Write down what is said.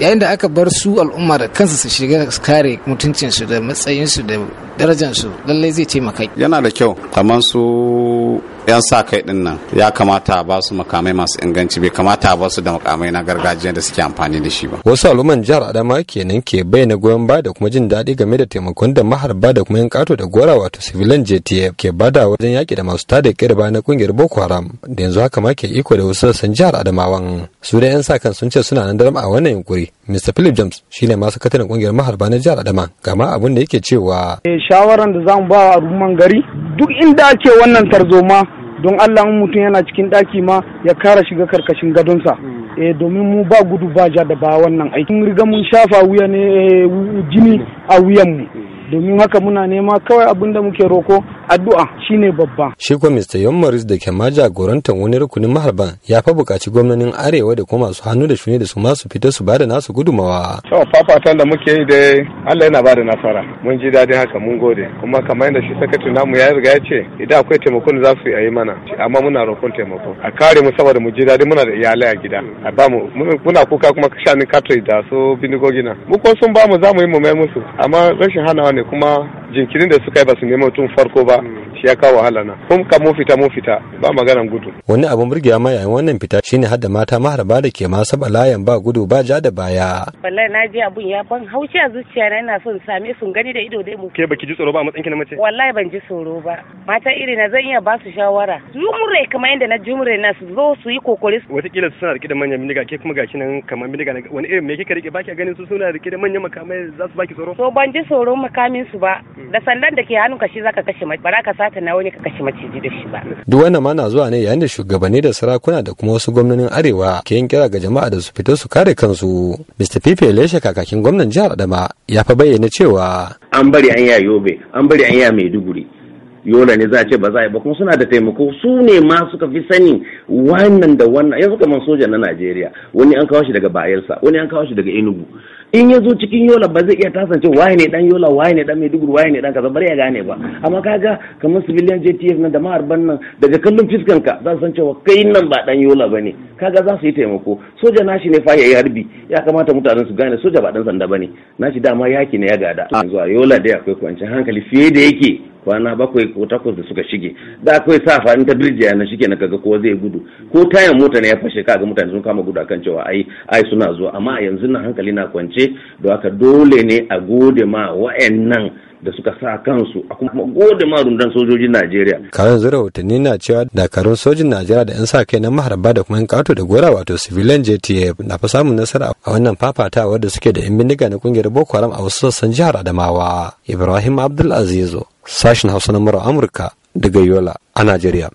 yayin da aka bar su al'ummar da kansu su shiga kare mutuncinsu da matsayinsu da darajansu lallai zai taimaka yana da kyau kamar su 'yan sa kai din nan ya kamata ba su makamai masu inganci bai kamata ba su da makamai na gargajiya da suke amfani da shi ba wasu al'umman jihar adama kenan ke bayyana goyon baya da kuma jin daɗi game da taimakon da maharba da kuma yan kato da gora wato civilian jtf ke bada wajen yaƙi da masu tada kirba na kungiyar boko haram da yanzu haka ma ke iko da wasu sassan jihar adamawan su da 'yan sa kan sun ce suna nan daram a wannan yunkuri mr philip james shine masu sakataren kungiyar maharba na jihar adama gama abin da yake cewa eh, shawaran da zamu ba ruman gari duk inda ake wannan tarzoma don Allah in mutum yana cikin ɗaki ma ya kara shiga karkashin gadonsa eh domin mu ba gudu ba ja da ba wannan aiki riga mun shafa wuya ne eh, jini a wuyan mu domin haka muna nema kawai abin da muke roko addu'a shine babba shi ko Mr. Yommaris da ke ma jagorantar wani rukunin maharban ya fa buƙaci gwamnanin arewa da kuma masu hannu da shune da su ma su fita su bada nasu gudumawa to fafatan da muke yi dai Allah yana bada nasara mun ji daɗin haka mun gode kuma kamar yadda shi sakatare namu ya riga ya ce idan akwai taimakon za su yi mana amma muna roƙon taimako a kare mu saboda mu ji daɗi muna da iyalai a gida a ba mu muna kuka kuma shanin katri da su bindigogi na mu ko sun ba mu za mu yi mu mai musu amma rashin hanawa ne kuma jinkirin da suka yi ba su nemo tun farko ba shi ya kawo wahala na kuma ka mun fita mun fita ba maganan gudu wani abun burgewa ma yayin wannan fita shine hadda mata maharba da ke ma saba layan ba gudu ba ja da baya wallahi na ji abun ya ban haushi a zuciya na ina son same su gani da ido dai mu ke baki ji tsoro ba a matsayin ki na mace wallahi ban ji tsoro ba mata iri na zan iya ba su shawara jumure kamar yadda na jumure na su zo su yi kokori watakila su suna rike da manyan bindiga ke kuma gashi nan kamar bindiga wani irin me kika rike baki ganin su suna rike da manyan makamai za su baki tsoro so ban ji tsoron makamin su ba da sandan da ke hannunka shi zaka kashe mace ba za ka sata na wani ka kashe maciji da shi ba duk wannan ma na zuwa ne yayin da shugabanni da sarakuna da kuma wasu gwamnonin arewa ke yin kira ga jama'a da su fito su kare kansu Mr. Pipe Leshe kakakin gwamnan jihar Adama ya fa bayyana cewa an bari an ya Yobe an bari an ya Maiduguri yola ne za a ce ba za a yi ba kuma suna da taimako su ne ma suka fi sani wannan da wannan yanzu kamar soja na Najeriya wani an kawo shi daga bayelsa wani an kawo shi daga Enugu in ya zo cikin yola ba zai iya tasance waye ne dan yola waye ne dan maiduguri waye ne dan kaza bari ya gane ba amma kaga kamar civilian jtf nan da maharban nan daga kallon fiskan ka za su san cewa kai nan ba dan yola ba ne kaga za su yi taimako soja nashi ne fa ya yi harbi ya kamata mutanen su gane soja ba dan sanda bane nashi dama yaki ne ya gada yanzu a yola dai akwai kwanci hankali fiye da yake kwana bakwai ko takwas da suka shige da akwai sa in ta birjiya na shike na kaga ko zai gudu ko tayan mota ne ya fashe kaga mutane sun kama gudu akan cewa ai ai suna zuwa amma yanzu na hankali na kwance da haka dole ne a gode ma wa'annan da suka sa kansu a kuma gode ma rundan sojojin Najeriya. Karan zura watanni na cewa dakarun sojin Najeriya da 'yan sa kai na maharba da kuma 'yan kato da gora wato civilian JTA na fi samun nasara a wannan fafatawa da suke da 'yan bindiga na kungiyar Boko Haram a wasu sassan jihar Adamawa. Ibrahim AbdulAzizu. Sashen Hausa na Amurka daga Yola a Najeriya.